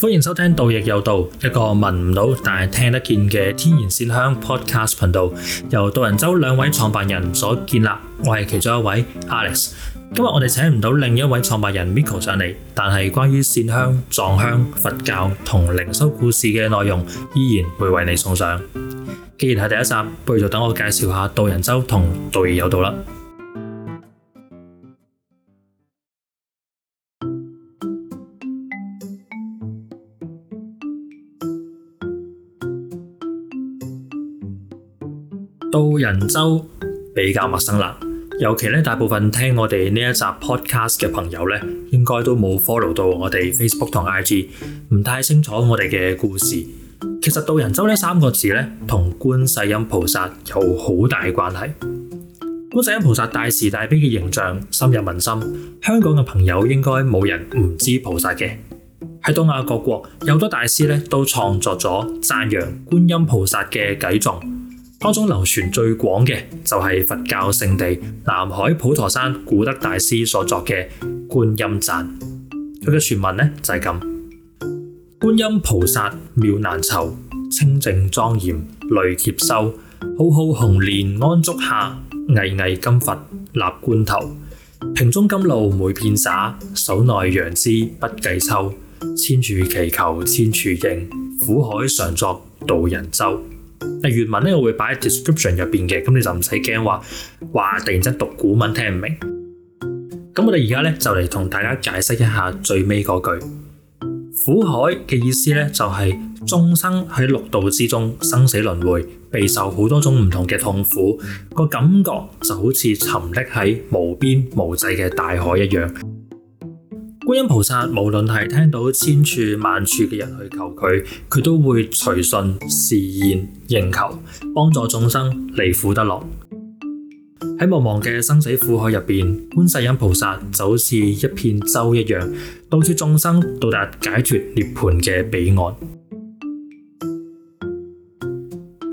歡迎收聽度亦有道，一個聞唔到但係聽得見嘅天然線香 Podcast 頻道，由度人舟兩位創辦人所建立。我係其中一位 Alex，今日我哋請唔到另一位創辦人 Meko 上嚟，但係關於線香、藏香、佛教同靈修故事嘅內容，依然會為你送上。既然係第一集，不如就等我介紹下度人舟同度亦有道啦。人舟比較陌生啦，尤其咧大部分聽我哋呢一集 podcast 嘅朋友咧，應該都冇 follow 到我哋 Facebook 同 IG，唔太清楚我哋嘅故事。其實度人舟呢三個字咧，同觀世音菩薩有好大關係。觀世音菩薩大慈大悲嘅形象深入民心，香港嘅朋友應該冇人唔知菩薩嘅。喺東亞各國，有好多大師咧都創作咗讚揚觀音菩薩嘅偈頌。當中流傳最廣嘅就係佛教聖地南海普陀山古德大師所作嘅《觀音讚》，佢嘅全文呢就係咁：觀音菩薩妙難酬，清淨莊嚴累劫修，浩浩紅蓮安足下，巍巍金佛立冠頭。瓶中甘露每遍灑，手內楊枝不計秋。千處祈求千處應，苦海常作度人舟。嗱，原文呢我會擺喺 description 入面嘅，咁你就唔使驚話話突然間讀古文聽唔明。咁我哋而家呢就嚟同大家解釋一下最尾嗰句苦海嘅意思呢，就係眾生喺六道之中生死輪迴，備受好多種唔同嘅痛苦，個感覺就好似沉溺喺無邊無際嘅大海一樣。觀音菩薩無論係聽到千處萬處嘅人去求佢，佢都會隨順示現應求，幫助眾生離苦得樂。喺茫茫嘅生死苦海入邊，觀世音菩薩就好似一片舟一樣，帶著眾生到達解脫涅槃嘅彼岸。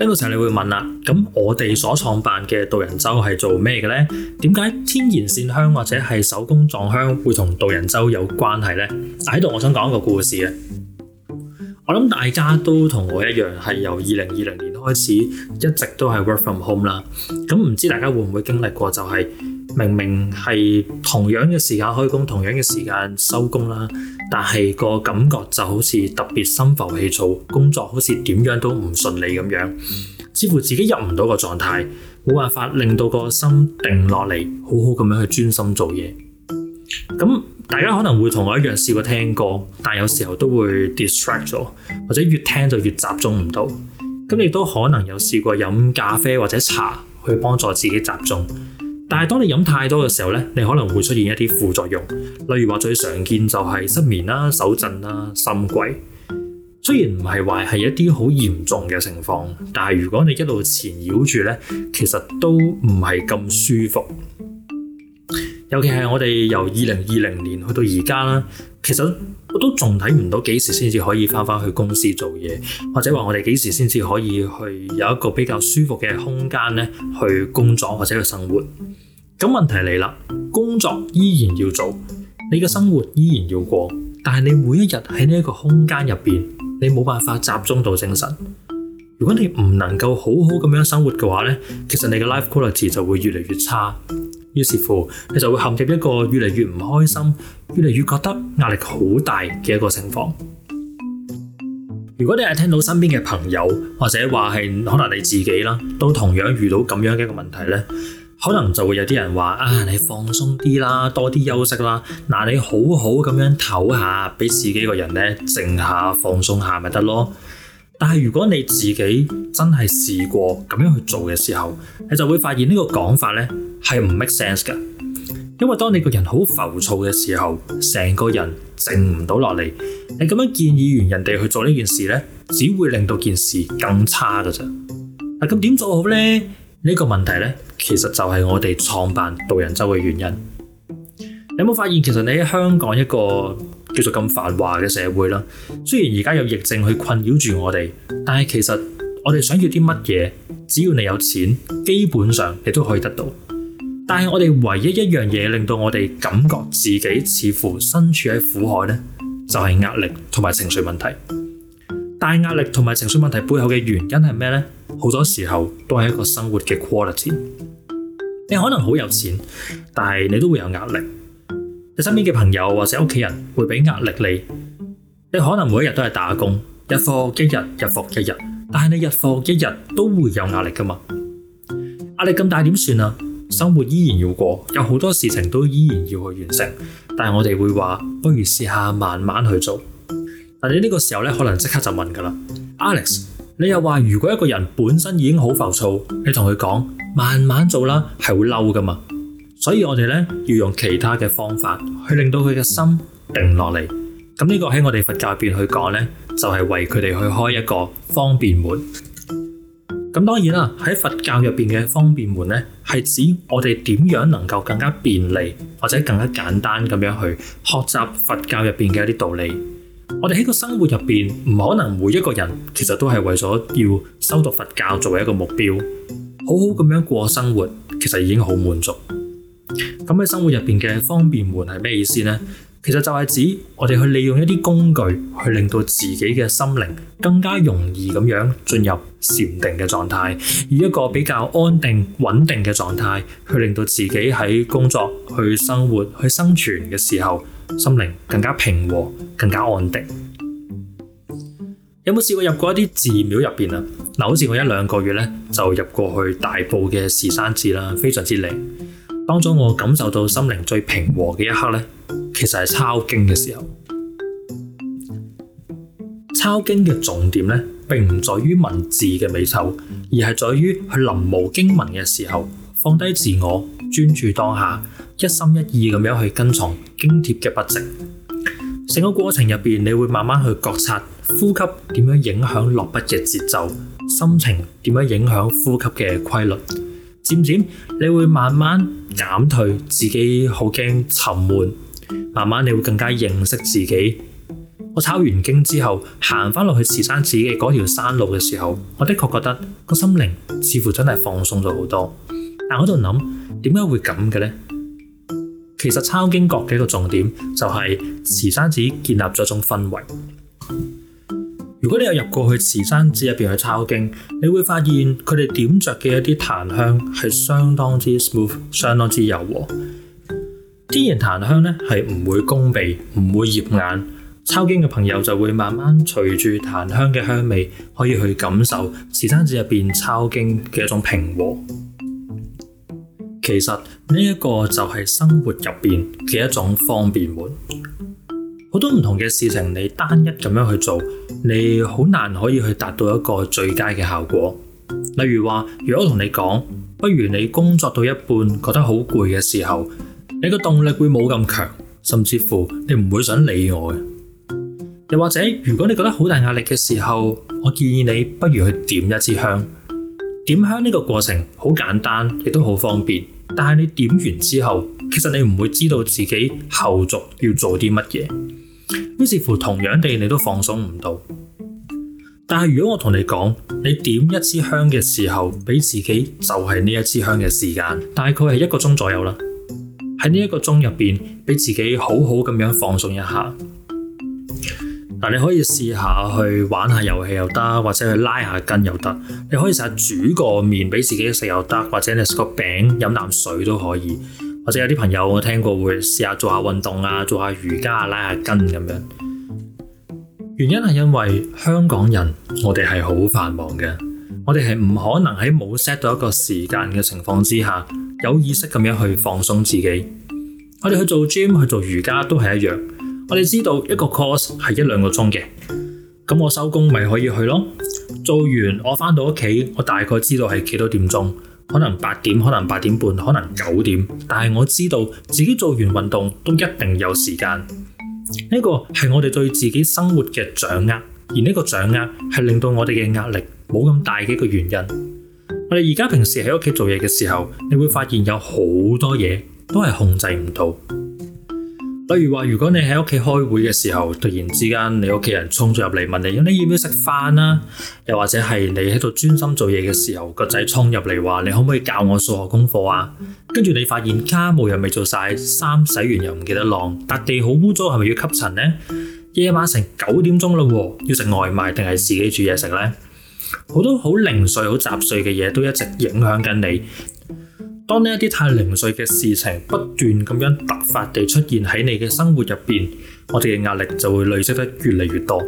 呢個時候你會問啦，咁我哋所創辦嘅度人舟係做咩嘅呢？點解天然線香或者係手工藏香會同度人舟有關係呢？喺度我想講一個故事嘅。我諗大家都同我一樣，係由二零二零年開始，一直都係 work from home 啦。咁唔知大家會唔會經歷過就係、是？明明係同樣嘅時間開工，同樣嘅時間收工啦，但係個感覺就好似特別心浮氣躁，工作好似點樣都唔順利咁樣，似乎自己入唔到個狀態，冇辦法令到個心定落嚟，好好咁樣去專心做嘢。咁大家可能會同我一樣試過聽歌，但有時候都會 distract 咗，或者越聽就越集中唔到。咁你都可能有試過飲咖啡或者茶去幫助自己集中。但係，當你飲太多嘅時候呢，你可能會出現一啲副作用，例如話最常見就係失眠啦、手震啦、心悸。雖然唔係話係一啲好嚴重嘅情況，但係如果你一路纏繞住呢，其實都唔係咁舒服。尤其係我哋由二零二零年去到而家啦，其實我都仲睇唔到幾時先至可以返返去公司做嘢，或者話我哋幾時先至可以去有一個比較舒服嘅空間咧去工作或者去生活。咁問題嚟啦，工作依然要做，你嘅生活依然要過，但係你每一日喺呢一個空間入邊，你冇辦法集中到精神。如果你唔能夠好好咁樣生活嘅話咧，其實你嘅 life quality 就會越嚟越差。於是乎，你就會陷入一個越嚟越唔開心、越嚟越覺得壓力好大嘅一個情況。如果你係聽到身邊嘅朋友或者話係可能你自己啦，都同樣遇到咁樣嘅一個問題咧，可能就會有啲人話啊，你放鬆啲啦，多啲休息啦。嗱，你好好咁樣唞下，俾自己個人咧靜下，放鬆下咪得咯。但係如果你自己真係試過咁樣去做嘅時候，你就會發現呢個講法呢係唔 make sense 㗎，因為當你個人好浮躁嘅時候，成個人靜唔到落嚟，你咁樣建議完人哋去做呢件事呢，只會令到件事更差㗎啫。咁點做好呢？呢、呢個問題呢，其實就係我哋創辦度人舟嘅原因。你有冇發現其實你喺香港一個叫做咁繁華嘅社會啦。雖然而家有疫症去困擾住我哋，但係其實我哋想要啲乜嘢，只要你有錢，基本上你都可以得到。但係我哋唯一一樣嘢令到我哋感覺自己似乎身處喺苦海咧，就係壓力同埋情緒問題。但係壓力同埋情緒問題背後嘅原因係咩咧？好多時候都係一個生活嘅 quality。你可能好有錢，但係你都會有壓力。你身邊嘅朋友或者屋企人會俾壓力你，你可能每一日都係打工，日復一日，日復一日，但係你日復一日都會有壓力噶嘛？壓力咁大點算啊？生活依然要過，有好多事情都依然要去完成，但係我哋會話，不如試下慢慢去做。但你呢個時候咧，可能即刻就問噶啦 ，Alex，你又話如果一個人本身已經好浮躁，你同佢講慢慢做啦，係會嬲噶嘛？所以我哋呢要用其他嘅方法去令到佢嘅心定落嚟。咁呢個喺我哋佛教入邊去講呢，就係為佢哋去開一個方便門。咁當然啦，喺佛教入邊嘅方便門呢，係指我哋點樣能夠更加便利或者更加簡單咁樣去學習佛教入邊嘅一啲道理。我哋喺個生活入邊唔可能每一個人其實都係為咗要修讀佛教作為一個目標，好好咁樣過生活，其實已經好滿足。咁喺生活入邊嘅方便門係咩意思呢？其實就係指我哋去利用一啲工具，去令到自己嘅心靈更加容易咁樣進入禪定嘅狀態，以一個比較安定穩定嘅狀態，去令到自己喺工作、去生活、去生存嘅時候，心靈更加平和、更加安定。 有冇試過入過一啲寺廟入邊啊？嗱、嗯，好似我一兩個月咧就入過去大埔嘅慈山寺啦，非常之靈。當中我感受到心靈最平和嘅一刻呢，其實係抄經嘅時候。抄經嘅重點呢，並唔在於文字嘅美醜，而係在於去臨摹經文嘅時候放低自我，專注當下，一心一意咁樣去跟從經帖嘅筆跡。成個過程入面，你會慢慢去覺察呼吸點樣影響落筆嘅節奏，心情點樣影響呼吸嘅規律。漸漸你會慢慢減退，自己好驚沉悶，慢慢你會更加認識自己。我抄完經之後，行翻落去慈山寺嘅嗰條山路嘅時候，我的確覺得個心靈似乎真係放鬆咗好多。但我喺度諗，點解會咁嘅呢？其實抄經覺嘅一個重點就係慈山寺建立咗一種氛圍。如果你有入過去慈山寺入邊去抄經，你會發現佢哋點着嘅一啲檀香係相當之 smooth，相當之柔和。天然檀香咧係唔會攻鼻，唔會澀眼。嗯、抄經嘅朋友就會慢慢隨住檀香嘅香味，可以去感受慈山寺入邊抄經嘅一種平和。其實呢一個就係生活入邊嘅一種方便門。好多唔同嘅事情，你單一咁樣去做，你好難可以去達到一個最佳嘅效果。例如話，如果同你講，不如你工作到一半覺得好攰嘅時候，你個動力會冇咁強，甚至乎你唔會想理我。又或者，如果你覺得好大壓力嘅時候，我建議你不如去點一支香。點香呢個過程好簡單，亦都好方便，但係你點完之後，其實你唔會知道自己後續要做啲乜嘢。於是乎，同樣地，你都放鬆唔到。但係如果我同你講，你點一支香嘅時候，俾自己就係呢一支香嘅時間，大概係一個鐘左右啦。喺呢一個鐘入邊，俾自己好好咁樣放鬆一下。嗱，你可以試下去玩下遊戲又得，或者去拉下筋又得。你可以試下煮個麵俾自己食又得，或者你食個餅飲啖水都可以。或者有啲朋友我聽過會試下做下運動啊，做下瑜伽啊，拉下筋咁樣。原因係因為香港人，我哋係好繁忙嘅，我哋係唔可能喺冇 set 到一個時間嘅情況之下，有意識咁樣去放鬆自己。我哋去做 gym 去做瑜伽都係一樣。我哋知道一個 course 係一兩個鐘嘅，咁我收工咪可以去咯。做完我翻到屋企，我大概知道係幾多點鐘。可能八點，可能八點半，可能九點，但係我知道自己做完運動都一定有時間。呢個係我哋對自己生活嘅掌握，而呢個掌握係令到我哋嘅壓力冇咁大嘅一個原因。我哋而家平時喺屋企做嘢嘅時候，你會發現有好多嘢都係控制唔到。例如話，如果你喺屋企開會嘅時候，突然之間你屋企人沖咗入嚟，問你，咁你要唔要食飯啊？又或者係你喺度專心做嘢嘅時候，個仔沖入嚟話，你可唔可以教我數學功課啊？跟住你發現家務又未做晒，衫洗完又唔記得晾，笪地好污糟，係咪要吸塵呢？夜晚成九點鐘嘞，要食外賣定係自己煮嘢食呢？好多好零碎、好雜碎嘅嘢都一直影響緊你。當呢一啲太零碎嘅事情不斷咁樣突發地出現喺你嘅生活入邊，我哋嘅壓力就會累積得越嚟越多。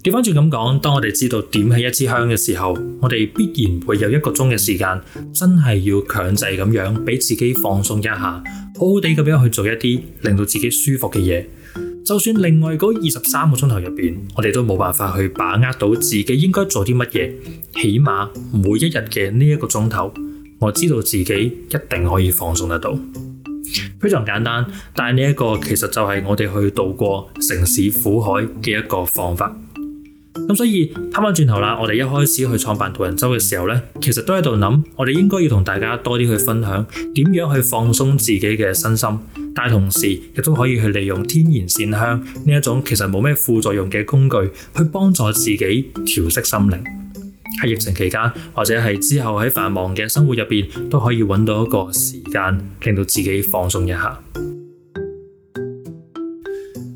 掉返轉咁講，當我哋知道點起一支香嘅時候，我哋必然會有一個鐘嘅時間，真係要強制咁樣俾自己放鬆一下，好好地咁樣去做一啲令到自己舒服嘅嘢。就算另外嗰二十三個鐘頭入邊，我哋都冇辦法去把握到自己應該做啲乜嘢，起碼每一日嘅呢一個鐘頭。我知道自己一定可以放鬆得到，非常簡單。但係呢一個其實就係我哋去渡過城市苦海嘅一個方法。咁所以翻返轉頭啦，我哋一開始去創辦度人舟嘅時候咧，其實都喺度諗，我哋應該要同大家多啲去分享點樣去放鬆自己嘅身心，但係同時亦都可以去利用天然線香呢一種其實冇咩副作用嘅工具，去幫助自己調適心靈。喺疫情期間，或者係之後喺繁忙嘅生活入邊，都可以揾到一個時間，令到自己放鬆一下。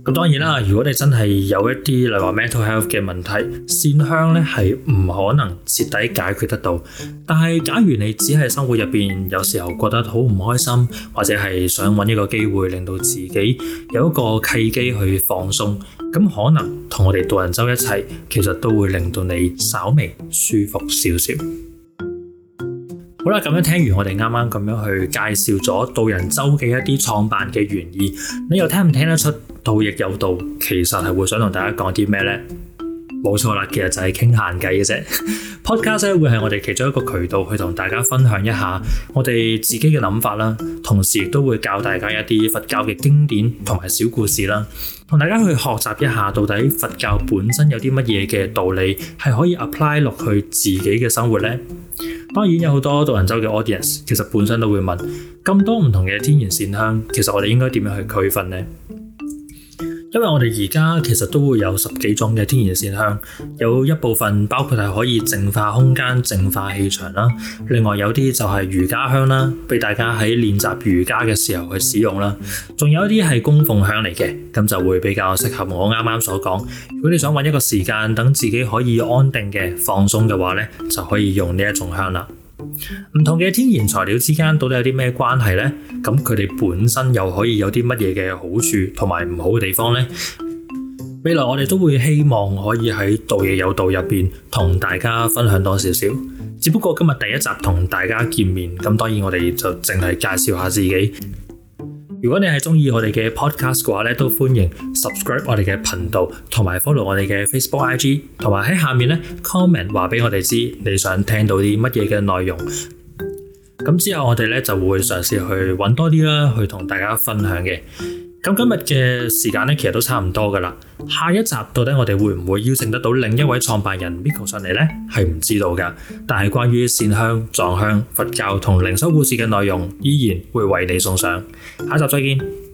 咁當然啦，如果你真係有一啲例如話 mental health 嘅問題，線香咧係唔可能徹底解決得到。但係，假如你只係生活入邊有時候覺得好唔開心，或者係想搵一個機會令到自己有一個契機去放鬆，咁可能同我哋度人舟一齊，其實都會令到你稍微舒服少少。好啦，咁樣聽完我哋啱啱咁樣去介紹咗度人舟嘅一啲創辦嘅原意，你又聽唔聽得出度亦有道？其實係會想同大家講啲咩呢？冇錯啦，其實就係傾閒偈嘅啫。Podcast 會係我哋其中一個渠道，去同大家分享一下我哋自己嘅諗法啦，同時亦都會教大家一啲佛教嘅經典同埋小故事啦，同大家去學習一下到底佛教本身有啲乜嘢嘅道理係可以 apply 落去自己嘅生活呢。當然有好多度人舟嘅 audience，其實本身都會問咁多唔同嘅天然線香，其實我哋應該點樣去區分呢？因為我哋而家其實都會有十幾種嘅天然線香，有一部分包括係可以淨化空間、淨化氣場啦。另外有啲就係瑜伽香啦，俾大家喺練習瑜伽嘅時候去使用啦。仲有一啲係供奉香嚟嘅，咁就會比較適合我啱啱所講。如果你想揾一個時間等自己可以安定嘅放鬆嘅話呢，就可以用呢一種香啦。唔同嘅天然材料之間到底有啲咩關係呢？咁佢哋本身又可以有啲乜嘢嘅好處同埋唔好嘅地方呢？未來我哋都會希望可以喺度亦有道入邊同大家分享多少少。只不過今日第一集同大家見面，咁當然我哋就淨係介紹下自己。如果你係中意我哋嘅 podcast 嘅話咧，都歡迎 subscribe 我哋嘅頻道，同埋 follow 我哋嘅 Facebook、IG，同埋喺下面咧 comment 話俾我哋知你想聽到啲乜嘢嘅內容。咁之後我哋咧就會嘗試去揾多啲啦，去同大家分享嘅。咁今日嘅時間其實都差唔多噶啦。下一集到底我哋會唔會邀請得到另一位創辦人 Meko 上嚟呢？係唔知道噶。但係關於線香、藏香、佛教同靈修故事嘅內容，依然會為你送上。下一集再見。